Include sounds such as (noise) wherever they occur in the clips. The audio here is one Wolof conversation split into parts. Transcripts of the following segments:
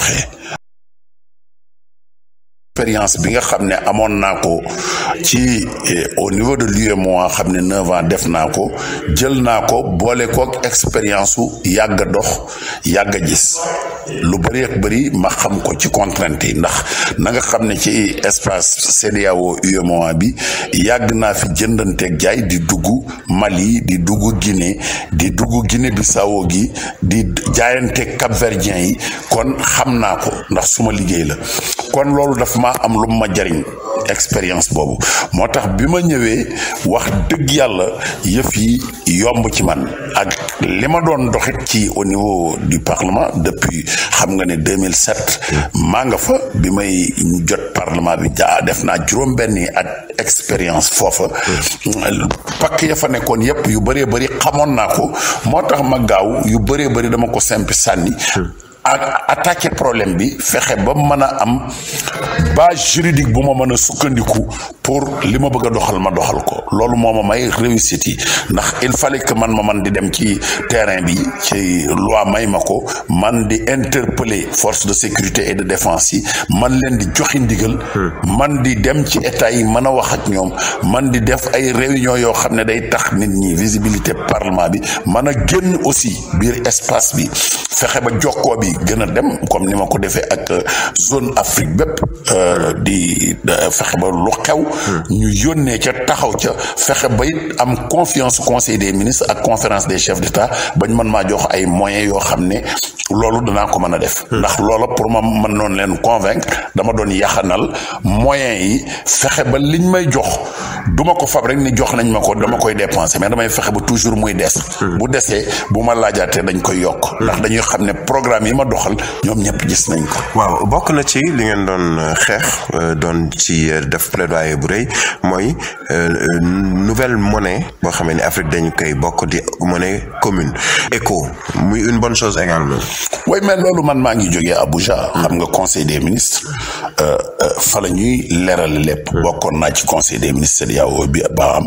waxee expérience bi nga xam ne amoon naa ko ci eh, au niveau de l'UEMOA xam ne neuf ans def naa ko jël naa ko boole kook expérience su yàgg a dox yàgg a gis lu bëri ak bëri ma xam ko ci contrainte yi ndax na nga xam ne ci espace CEDEAO UEMOA bi yàgg naa fi jëndanteeg jaay di dugg Mali di dugg Guinée di dugg Guinée Bissau gi di jaayanteeg Cap-Verdien yi kon xam naa ko ndax suma liggéey la kon loolu daf ma am lu ma jariñ expérience boobu moo tax bi ma ñëwee wax dëgg yàlla yëf yi yomb ci man ak li ma doon doxit ci au niveau du parlement depuis xam nga ne 2007 maa nga fa bi may jot parlement bi jaa def naa juróom-benni at expérience foofa pakk ya fa nekkoon yëpp yu bëree bëri xamoon naa ko moo tax ma gaaw yu bëree bëri dama ko simpi sànni attaquer problème bi fexe ba mën a am base juridique bu ma mën a sukkandiku pour li ma bëgg a doxal ma doxal ko loolu moo ma may réussite yi ndax il fallait que man ma man di dem ci terrain bi ci loi may ma ko man di interpeller force de sécurité et de défense yi man leen di joxi ndigal hmm. man di dem ci état yi mën a wax ak ñoom man di def ay réunion yoo xam ne day tax nit ñi visibilité parlement bi mën a génn aussi biir espace bi fexe ba jokkoo bi bi a dem comme ni ma ko defee ak euh, zone Afrique bépp euh, di fexe ba lu xew hmm. ñu yónnee ca taxaw ca fexe ba it am confiance conseil des ministre ak conférence des chefs d'état bañ man maa jox ay moyen yoo xam ne loolu danaa ko mën a def hmm. ndax loola pour ma man noonu leen convaincre dama doon yaxanal moyens yi fexe ba liñ may jox duma ko fab rek ni jox nañ ma ko dama koy dépenser mais damay fexe ba toujours muy des hmm. bu desee bu laajaatee dañ koy yokk ndax dañuy ma doxal ñoom ñëpp gis nañ ko. waaw bokk na ci li ngeen doon euh, xeex euh, doon ci euh, def plaidoyer bu rëy mooy nouvelle monnaie boo xamee ni Afrique dañu koy bokk di monnaie commune éco muy une bonne chose également. way mais loolu man maa ngi jógee Abuja xam nga conseil des ministres fa la ñuy leeral lépp. Hmm. bokkoon naa ci conseil des ministres CEDEAO bi ba am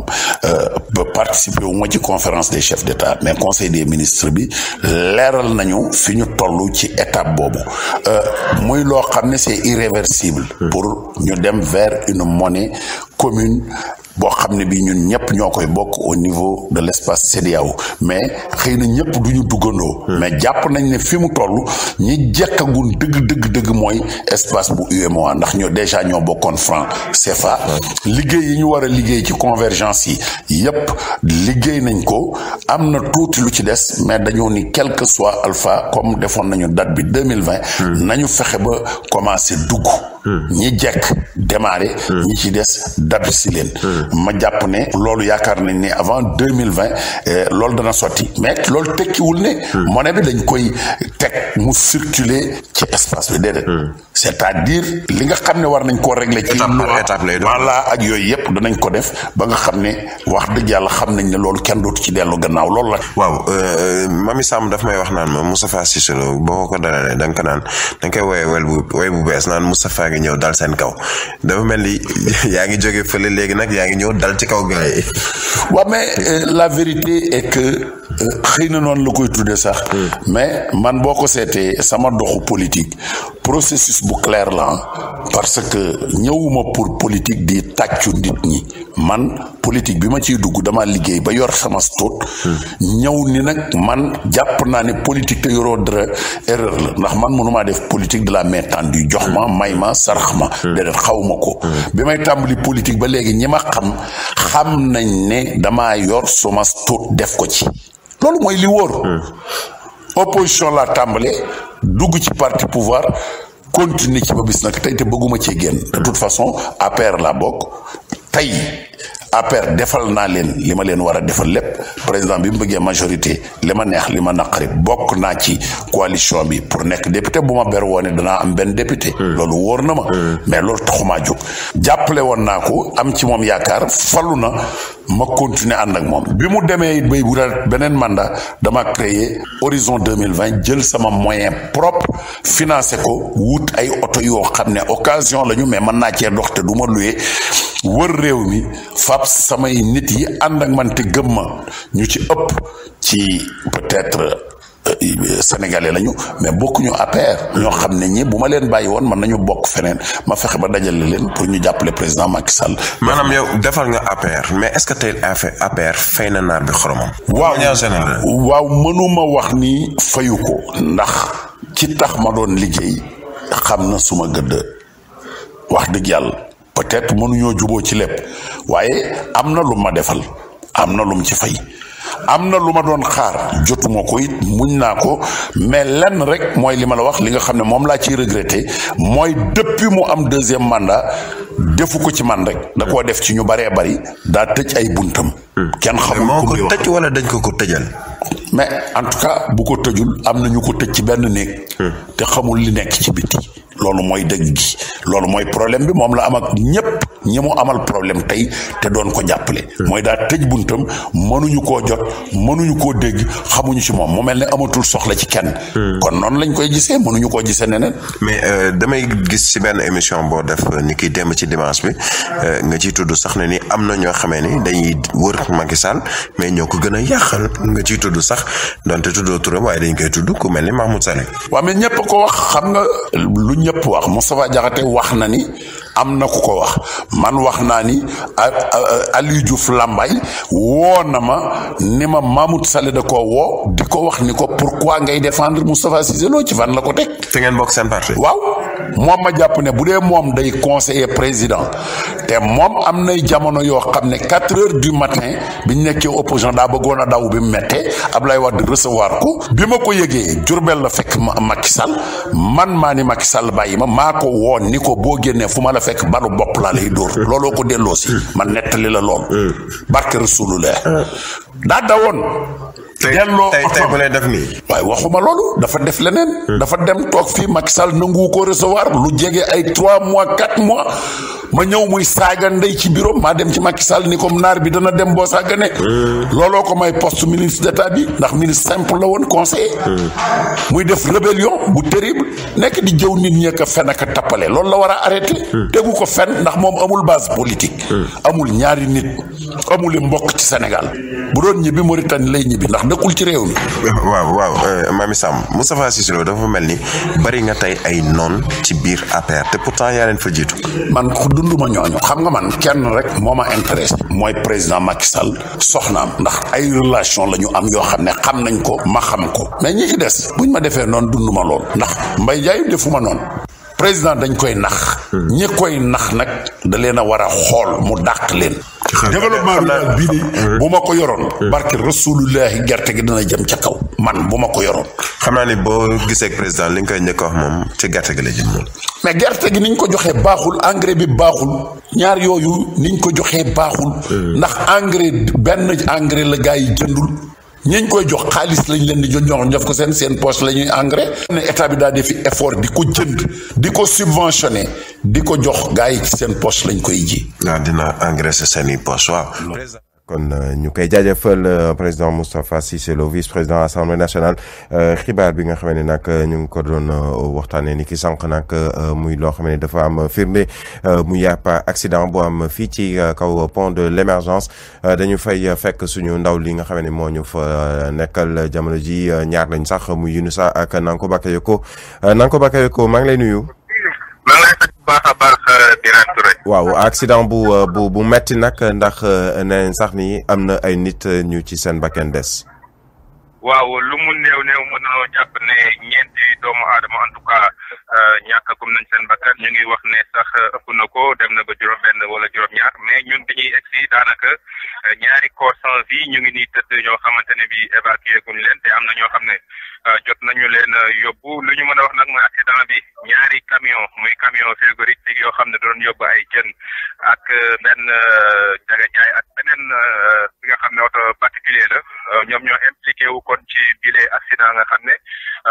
ba participer ci conférence des chefs d' état mais conseil des ministre bi leeral nañu fi ñu toll ci étape boobu euh, muy loo xam ne c'est irréversible hmm. pour ñu dem vers une monnaie commune boo xam ne bii ñun ñëpp ñoo koy bokk au niveau de l' espace CEDEAO mais xëy na ñëpp du ñu duggandoo. Hmm. mais jàpp nañ ne fi mu toll ñi jekkagun dëgg dëgg dëgg mooy espace bu UEMOA ndax ñoo déjà ñoo bokkoon franc CFA. Hmm. liggéey yi ñu war a liggéey ci convergence yi yëpp liggéey nañ ko am na tuuti lu ci des mais dañoo ni quelque soit alpha comme defoon nañu date bi deux mille vingt. Hmm. nañu fexe ba commencé dugg. Hmm. ñi jekk démarré. Hmm. ñi ci des dab si leen. Hmm. ma jàpp ne loolu yaakaar nañ ni avant deux mille vingt eh, loolu dana sotti mais loolu tekkiwul ne. monnaie bi dañ koy teg mu circuler ci espace bi déedéet. Hmm. c'est-à-dire li nga xam ne war nañ koo régler. ci loi étape lay doon voilà ak yooyu yëpp danañ ko def ba nga xam ne wax dëgg yàlla xam nañ ne loolu kenn dootu ci dellu gannaaw loolu la. waaw euh, euh, Mamy Samb daf may wax naan ma Moustapha Cissé Lo boo ko dalalee da nga naan da koy woowee wel bu way bu bees naan Moustapha ngi ñëw dal seen kaw dafa mel ni (laughs) yaa ngi jóge fële léegi nag yaa ngi ñëw dal ci kaw gars yi. (laughs) waaw mais euh, na noonu la koy hmm. man boo boo ko seetee sama doxu politique processus bu clair la parce que ñëwuma pour politique di tàccu nit ñi man politique bi ma ciy dugg dama liggéey ba yor sama stóot ñëw ni nag man jàpp naa ne politique te yoroo dara erreur la ndax man mënumaa def politique de la main tendue jox ma may ma sarax ma déedéet xawma ko bi may tàmbali politique ba léegi ñi ma xam xam nañ ne damaa yor sama stóot def ko ci loolu mooy li wóor opposition la tàmbalee dugg ci parti pouvoir continuer ci ba bis nag tey te bëgguma cee génn de toute façon APR la bokk tey APR defal naa leen li ma leen war a defal lépp président bi mu bëggee majorité li ma neex li ma naqari bokk naa ci coalition bi pour nekk député bu ma ber woone danaa am benn député hmm. loolu wóor na ma hmm. mais loolu taxumaa jóg jàppale naa ko am ci moom yaakaar falu na ma continuer ànd ak moom bi mu demee it bay bu beneen manda dama créer horizon deux mille vingt jël sama moyen propre financé ko wut ay oto yoo xam ne occasion la ñu mais mën naa cee dox te du ma luye wër réew mi fab samay nit yi ànd ak man te gëm ma ñu ci ëpp ci peut-être euh, lañu mais bokkuñu APR ñoo xam ne ñi bu ma leen bàyyi woon mën nañu bokk feneen ma fexe ba dajale leen pour ñu jàppale président Macky Sall. maanaam yow defal nga APR mais est-ce que tey APR fay na naar bi xoromam. waaw waaw mënuma wax nii fayu ko ndax ci tax ma doon liggéey xam na suma gëdd wax dëgg yàlla. peut-être mënuñoo juboo ci lépp waaye am na lu ma defal am na lum ci fay am na lu ma doon xaar jotuma ko it muñ naa ko mais lenn rek mooy li ma la wax li nga xam ne moom laa ciy regretté mooy depuis mu am deuxième mandat defu ko ci man rek da koo def ci ñu baree bari daa tëj ay buntam. kenn xamul moo ko tëj wala dañ ko ko tëjal. mais en tout cas bu ko tëjul am na ñu ko tëj ci benn néeg. Hmm. te xamul li nekk ci biti. loolu mooy dégg gi loolu mooy problème bi moom la am ak ñëpp ñi mu amal problème tey te doon ko jàppale. Hmm. mooy daal tëj buntam mënuñu koo jot mënuñu koo dégg xamuñu ci moom mu mel ne amatul soxla ci kenn. Hmm. kon noonu lañ koy gisee mënuñu koo gisee neneen. mais euh, damay gis ci benn émission boo def ni kiy dem ci dimanche bi euh, nga ciy tudd sax ne ni am na ñoo xamee ni dañuy wër Macky Sall mais ñoo ko gën a yàqal nga ciy tudd sax donte tuddoo turam waaye dañ koy tudd ku mel ni Mahmoud Saleh. waaw mais ñëpp ko wax xam nga ñëpp wax Moustapha Diakhaté wax na ni am na ku ko wax man wax naa ni Aliou Diouf Lambaye woo na ma ni ma Mahmoud Saleh da koo woo di ko wax ni ko pourquoi ngay défendre Moustapha Cissé Lo ci fan la ko teg. ngeen bokk seen waaw moom ma jàpp ne bu dee moom day conseiller président te moom am nay jamono yoo xam ne quatre heures du matin bi ñu nekkee opposition daa bëggoon a daw bi mu méttee Ablaye Wade recevoir ko bi ma ko yëgee Diourbel la fekk ma Macky Sall man maa ni Macky Sall bàyyi ma maa ko woon ni ko boo génnee fu ma la fekk banu bopp laa lay dóor (laughs) looloo ko delloo si man nettali la lool mm. barke le daa dawoon delloo tey tey bu lay def nii. waaye waxuma loolu dafa def leneen. Hmm. dafa dem toog fii Macky Sall nangu ko recevoir lu jege ay 3 mois 4 mois ma ñëw muy saaga ndey ci bureau maa dem ci Macky Sall ni kom naar bi dana dem boo saaga ne. Hmm. looloo ko may poste ministre d'état bi ndax ministre simple la woon conseiller. Hmm. muy def rébellion bu terrible nekk di jëw nit ñi a fen ak tappale loolu la war a arrêté. tegu ko fen ndax moom amul base politique. amul ñaari nit amul mbokk ci Sénégal bu doon ñibbi Mauritanie lay ñibbi ndax. dëkkul ci réew mi. waaw waaw euh, Mamy Samb Moustapha Cissé Lo dafa mel ni bari nga tey ay noon ci biir APR te pourtant yaa leen fa jiitu. man ko dunduma ñooñu xam nga man kenn rek moo a intéressé mooy président Macky Sall soxnaam ndax ay relation la ñu am yoo xam ne xam nañ ko ma xam ko mais ñi ci des buñ ma defee noon noonu ma lool ndax Mbaye Ndiaye ma noon président dañ koy nax hmm. ñi koy nax nag da leen a war a xool mu dàq leen développement rural bii bu ma ko yoroon barke rasulullahi gerte gi dana jëm ca kaw man bu ma ko yoroon xam naa ni boo gisee président li nga koy njëkk wax moom ci gerte gi la jëm moom mais gerte gi niñ ko joxee baaxul engrais bi baaxul ñaar yooyu niñ ko joxee baaxul ndax engrais benn engrais la gaa yi jëndul ñañ koy jox xaalis lañ leen di jox ñoo def ko seen seen poche la ñuy engrais. ne état bi daal di fi effort di ko jënd di ko subventionné di ko jox gars yi seen poche lañ koy ji. waaw dina engrais seen i poche waaw. kon euh, ñu koy jaajëfal euh, président Moustapha Cissé vice-président assemblée nationale euh, xibaar bi nga xam ne nag ñu ngi ko doon waxtaanee ni ki sànq nag muy loo xam ne dafa am firnde mu yàpp accident bu am fii ci kaw pont de l'émergence dañu fay fekk suñu ndaw li nga xam ni moo ñu fa nekkal jamono ji ñaar lañ sax muy sax ak Nanko ko Nanko Bakayoko maa ngi lay nuyu. maa ngi lay baax waaw accident bu euh, bu bu metti nag ndax euh, nee sax ni am na ay nit euh, ñu ci seen bakkan des. waaw lu mu néew néew mën nañoo jàpp ne ñeenti doomu aadama en tout cas euh, ñàkk comme nañ seen bakkan ñu ngi wax ne sax euh, ëpp na ko dem na ba juróom-benn wala juróom-ñaar mais ñun bi ñuy egsi daanaka euh, ñaari corps sans vie ñu ngi nii tëdd ñoo xamante ne bi évacué kuñ leen te am na ñoo xam ne jot nañu leen yóbbu lu ñu mën a wax nag mooy accident bi ñaari camion muy camion frigorifique yoo xam ne doon yóbbu ay jën ak benn jagajaay ak beneen euh, bi nga xam ne oto particulier la euh, ñoom ñoo impliqué wu kon ci bile accident nga xam ne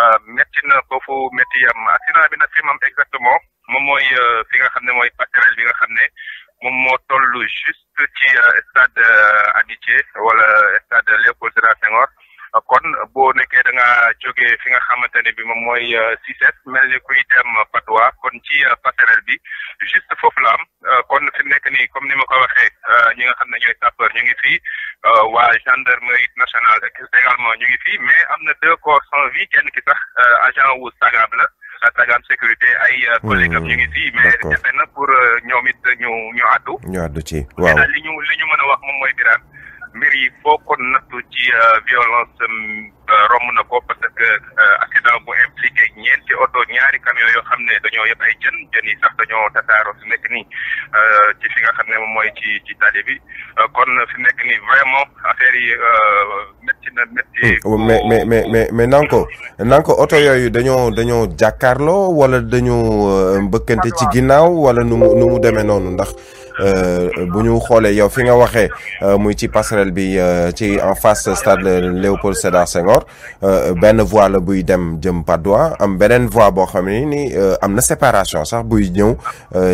euh, métti na ko fu metti yam accident bi nag fi exactement moom mooy fi nga xam ne mooy passerelle bi nga xam ne moom moo toll juste ci stade Aditié wala stade Léopold Sédar Senghor kon boo nekkee da nga jógee fi nga xamante ne bi moom mooy euh, Cissette mel ni kuy dem Padois kon ci euh, passerelle bi juste foofu la am euh, kon fi nekk nii comme ni ma ko waxee ñi nga xam ne ñooy ñu ngi fii waa gendarmerie nationale également ñu ngi fii mais am na deux corps sans vie kenn ki sax agent wu SAGAB la. Sagam sécurité ay collègues am ñu ngi fii mais jafe na pour ñoom it ñu ñu ñu àddu ci waaw li ñu li ñu mën a wax moom mooy Birane mbir yi foo ko nattu ci euh, violence euh, romb na ko parce que euh, accident bu impliqué ñeenti oto ñaari camion yoo xam ne dañoo yëpp ay jën jën yi sax dañoo tasaaroo fi nekk nii ci fi nga xam ne moom mooy ci ci bi kon fi nekk nii vraiment affaire yi métti na métti. Hmm, oh, mais mais mais mais mais nanko nanko oto yooyu dañoo dañoo jàkkaarloo wala dañoo mbëkkante ci ginnaaw wala nu mu nu mu demee noonu ndax. Euh, bu ñu xoolee yow fi nga waxee euh, muy ci passerelle bi euh, ci en face stade Léopold Sédar Senghor benn voie la buy dem jëm Patte am beneen voie boo xam ne ni am na séparation sax buy ñëw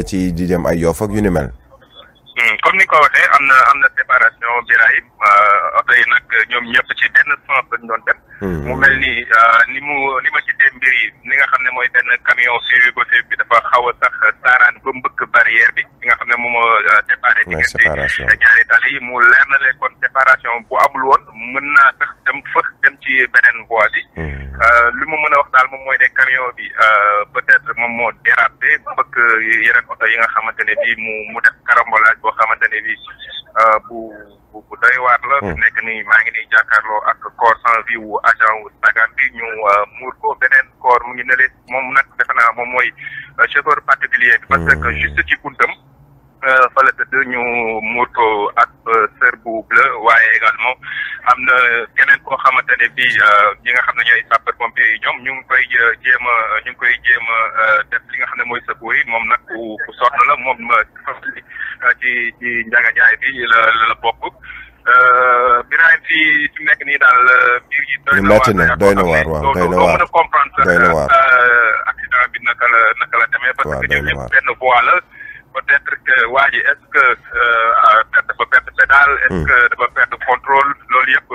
ci di dem ay Yoff ak yu ni mel. Hmm, comme ni ko waxee am na am na séparation oto yi nag ñëpp ci benn sens lañ doon dem. Hmm. mu mel nii euh, ni mu ni ma ci mbir yi ni nga xam ne mooy benn camion surugosé bi dafa xaw a sax saaraan ba mbëkk barrière bi li nga xam ne moom moo euh, séparé diggante ñaari tali yi mu leer na leen déparation bu amul woon mën naa sax dem fëx dem ci beneen voie bi hmm. euh, li mu mën a wax daal moom mooy ne camion bi peut-être moom moo dérapé mbëkk yeneen oto yi nga xamante ne bi mu mu def karambolage boo xamante ne bi Euh, bu bu bu doy la. Hmm. nekk nii maa ngi nii jàkkaarloo ak corps sans vie wu agent wu Snagam bi ñu euh, muur beneen corps mu ngi ne moom nag defe naa moom mooy euh, chauffeur particulier bi. parce que hmm. juste ci buntam. fa la tëdd ñu muur ak sër bu bleu waaye également. am na keneen koo xamante ne bii euh, ñi nga xam ne ñooy sapeur pompier yi ñoom ñu ngi koy euh, jéem a ñu ngi koy jéem a euh, def li nga xam ne mooy secours yi moom nag ku ku la moom ci ci njaga jaay bi la la bokk Birahim fi fi nekk nii daal biir yi. doy na waar doy na waar waaw doy na waar doy na bi naka la naka la demee. parce que ñoom ñëpp benn voie peut-être que waa ji est-ce que. a perte pédale. est-ce mm. que dafa perte contrôle loolu yëpp.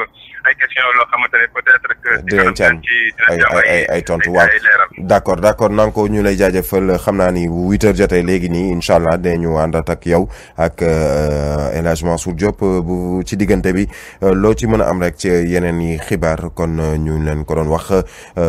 ay question loo xamante ne peut-être que. dinañ d'accord d'accord ñu lay jaajëfal xam naa ni bu huit léegi nii incha allah ñu àndat ak yow ak euh, El Hadj Mansour Diop euh, bu ci diggante bi euh, loo ci mën a am rek ci yeneen yi xibaar kon ñu leen ko doon wax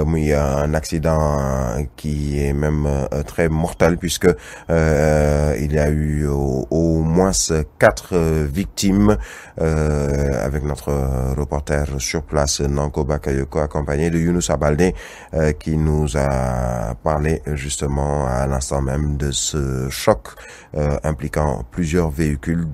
muy un accident qui est même très mortel puisque il y a eu au moins quatre victimes avec notre reporter. faire sur place Nanko Bakayoko accompagné de Younous Abalde euh, qui nous a parlé justement à l'instant même de ce choc euh, impliquant plusieurs véhicules